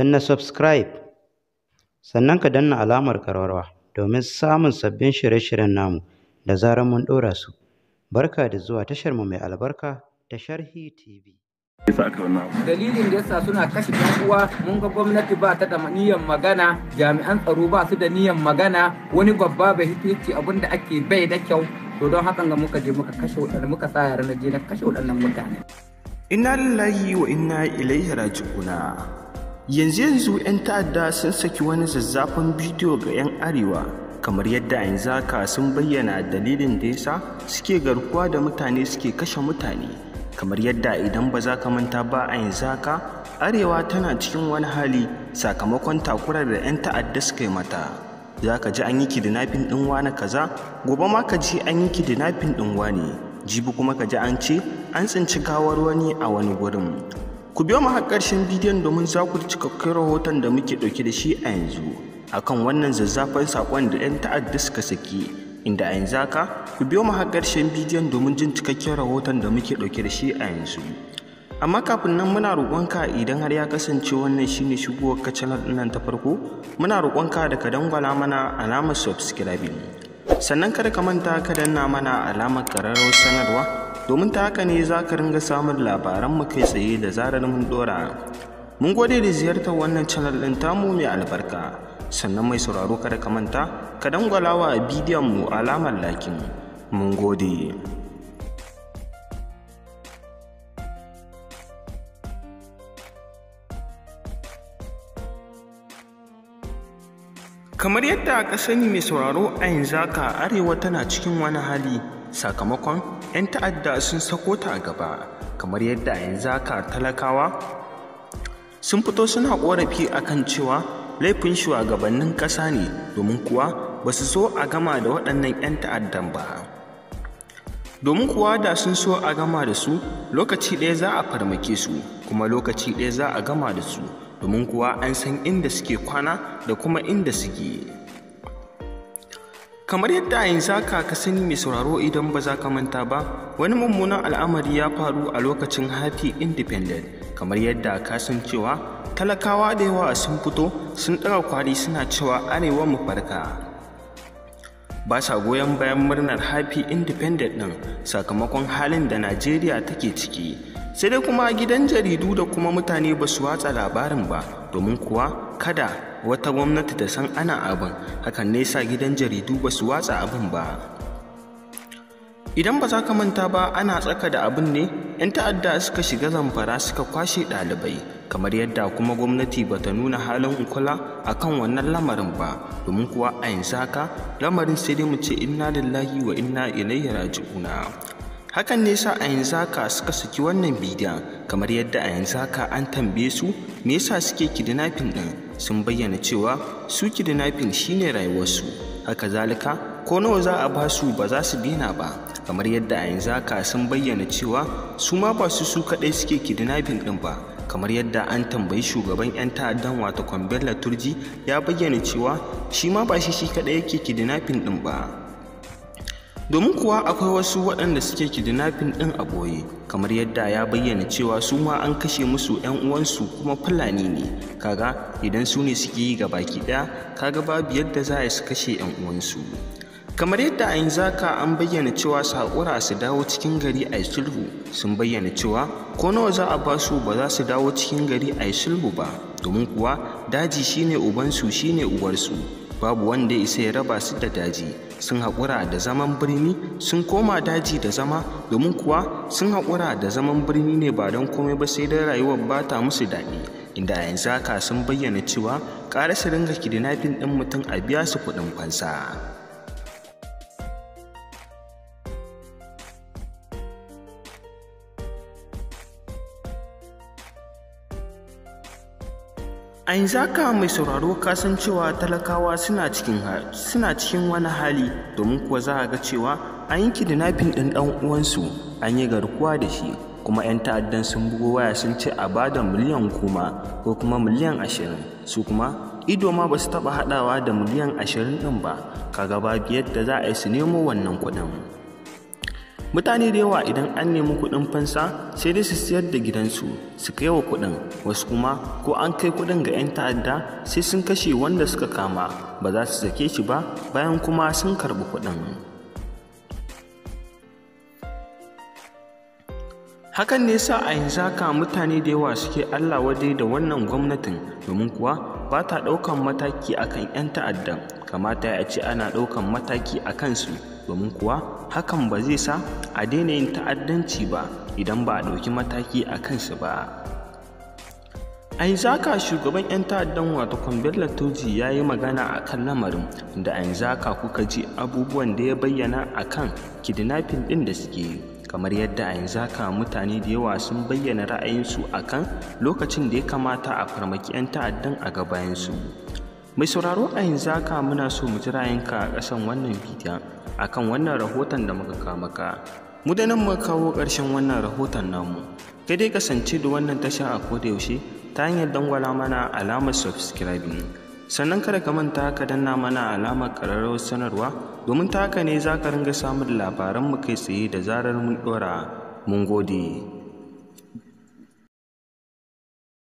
na subscribe sannan ka danna alamar karwarwa domin samun sabbin shirye-shiryen namu da zarar mun ɗora su barka da zuwa tashar mu mai albarka ta sharhi tv dalilin da yasa suna kashe ɗan uwa mun ga gwamnati ba ta da niyyar magana jami'an tsaro ba su da niyan magana wani babba bai hitici abin da ake bai da kyau to don hakan ga muka je muka kashe waɗanda muka sa yaran je na kashe waɗannan mutane inna lillahi wa inna ilaihi raji'una yanzu yanzu 'yan ta'adda sun saki wani zazzafan bidiyo ga 'yan arewa kamar yadda a yanzu haka sun bayyana dalilin da yasa suke garkuwa da mutane suke kashe mutane kamar yadda idan ba za ka manta ba a yanzu haka arewa tana cikin wani hali sakamakon takurar da 'yan ta'adda suka yi mata za ka ji an yi kidnapping ɗin wani kaza gobe ma ka ji an yi kidnapping ɗin wani jibi kuma ka ji an ce an tsinci gawar wani a wani gurin Ku biyo mu har ƙarshen bidiyon domin za ku cikakken rahoton da muke ɗauke da shi a yanzu akan wannan zazzafan saƙon da 'yan ta'adda suka saki inda a yanzu haka ku biyo mu har ƙarshen bidiyon domin jin cikakken rahoton da muke ɗauke da shi a yanzu. amma kafin nan muna roƙonka idan har ya kasance wannan shine shigowar ka nan ta farko muna roƙonka da ka dangwala mana alamar subscribing sannan kada ka manta ka danna mana alamar ƙararrawar sanarwa domin ta haka ne za ka ringa samun labaran mu kai tsaye da zarar mun dora mun gode da ziyartar wannan channel ɗin tamu mai albarka sannan mai sauraro kada ka manta ka dangwalawa a bidiyon mu alamar lakin mun gode kamar yadda aka sani mai sauraro a yanzu haka arewa tana cikin wani hali sakamakon 'yan ta'adda sun sako ta a gaba kamar yadda yanzu aka talakawa sun fito suna korafi akan cewa laifin shugabannin ƙasa ne domin kuwa ba su so a gama da waɗannan 'yan ta'addan ba domin kuwa da sun so a gama da su lokaci ɗaya za a farmake su kuma lokaci ɗaya za a gama da su domin kuwa an san inda suke kwana da kuma inda suke kamar yadda yanzu haka ka sani mai sauraro idan ba za ka manta ba wani mummunan al'amari ya faru a lokacin happy independent kamar yadda ka san cewa talakawa da yawa sun fito sun ɗaga kwari suna cewa arewa mu farka ba sa goyon bayan murnar happy independent ɗin sakamakon halin da najeriya take ciki sai dai kuma gidan jaridu da kuma mutane ba su watsa labarin ba domin kuwa kada wata gwamnati ta san ana abin hakan ne sa gidan jaridu ba su watsa abin ba idan ba za ka manta ba ana tsaka da abin ne 'yan ta'adda suka shiga zamfara suka kwashe ɗalibai kamar yadda kuma gwamnati ba ta nuna halin kula a kan wannan lamarin ba domin kuwa a yanzu haka lamarin sai dai mu ce inna lillahi wa inna ilaihi raji'una hakan ne sa a yanzu haka suka saki wannan bidiyon kamar yadda a yanzu haka an tambaye su me yasa suke kidnapping din sun bayyana cewa su kidnapping shine rayuwarsu haka zalika ko nawa za a ba su ba za su bina ba kamar yadda a yanzu haka sun bayyana cewa su ma ba su su kaɗai suke kidnapping ɗin ba kamar yadda an tambayi shugaban 'yan ta'addan wata kwambella turji ya bayyana cewa shi ma ba shi shi kaɗai yake kidnapping ɗin ba domin kuwa akwai wasu waɗanda suke kidnapping ɗin a boye kamar yadda ya bayyana cewa su ma an kashe musu 'yan uwansu kuma fulani ne kaga idan su ne suke yi baki ɗaya kaga babu yadda za a su kashe 'yan uwansu kamar yadda a zaka an bayyana cewa su su dawo cikin gari a sulhu sun bayyana cewa ko nawa za a ba su ba za su dawo cikin gari a sulhu ba domin kuwa daji shine ubansu shine uwarsu babu wanda ya isa ya raba su da daji sun haƙura da zaman birni sun koma daji da zama domin kuwa sun haƙura da zaman birni ne ba don komai ba sai dai rayuwar ba ta musu daɗi inda a yanzu haka sun bayyana cewa ƙara su ringa kidnapping ɗin mutum a biya su kuɗin fansa. a yanzu mai sauraro kasan cewa talakawa suna cikin wani hali domin kuwa za a ga cewa an yi kidnapping ɗin ɗan uwansu an yi garkuwa da shi kuma 'yan ta'addan sun bugo waya sun ce a bada miliyan kuma ko kuma miliyan ashirin su kuma ido ma ba su taɓa haɗawa da miliyan ashirin ɗin ba kaga babu yadda za a yi su nemo wannan kuɗin mutane da yawa idan an nemi kuɗin fansa sai dai su siyar da gidansu su kai wa kuɗin wasu kuma ko an kai kuɗin ga 'yan ta'adda sai sun kashe wanda suka kama ba za su sake shi ba bayan kuma sun karɓi kuɗin hakan ne sa a yanzu haka mutane da yawa suke allah dai da wannan gwamnatin domin kuwa ba ta ɗaukan mataki akan 'yan ta'addan kamata ya ce ana ɗaukan mataki a kansu domin kuwa hakan ba zai sa a daina yin ta'addanci ba idan ba a ɗauki mataki a kansu ba a zaka shugaban 'yan ta'addan wato bello toji ya yi magana a kan lamarin da a kuka ji abubuwan da ya bayyana a kan kidnapping ɗin da suke yi kamar yadda a yanzu haka mutane da yawa sun bayyana ra'ayinsu a kan lokacin da ya kamata a farmaki 'yan ta'addan a gabayansu mai sauraro a yanzu haka muna so mu ji ra'ayinka a ƙasan wannan bidiyon kan wannan rahoton da muka kama ka. mu da nan muka kawo ƙarshen wannan rahoton namu kai dai kasance da wannan tasha a yaushe ta hanyar dangwala mana alamar subscribing sannan kada ka manta ka danna mana alamar ƙararrawar sanarwa domin ta haka ne za ka ringa samun labaranmu kai tsaye da zarar mun ɗora mun gode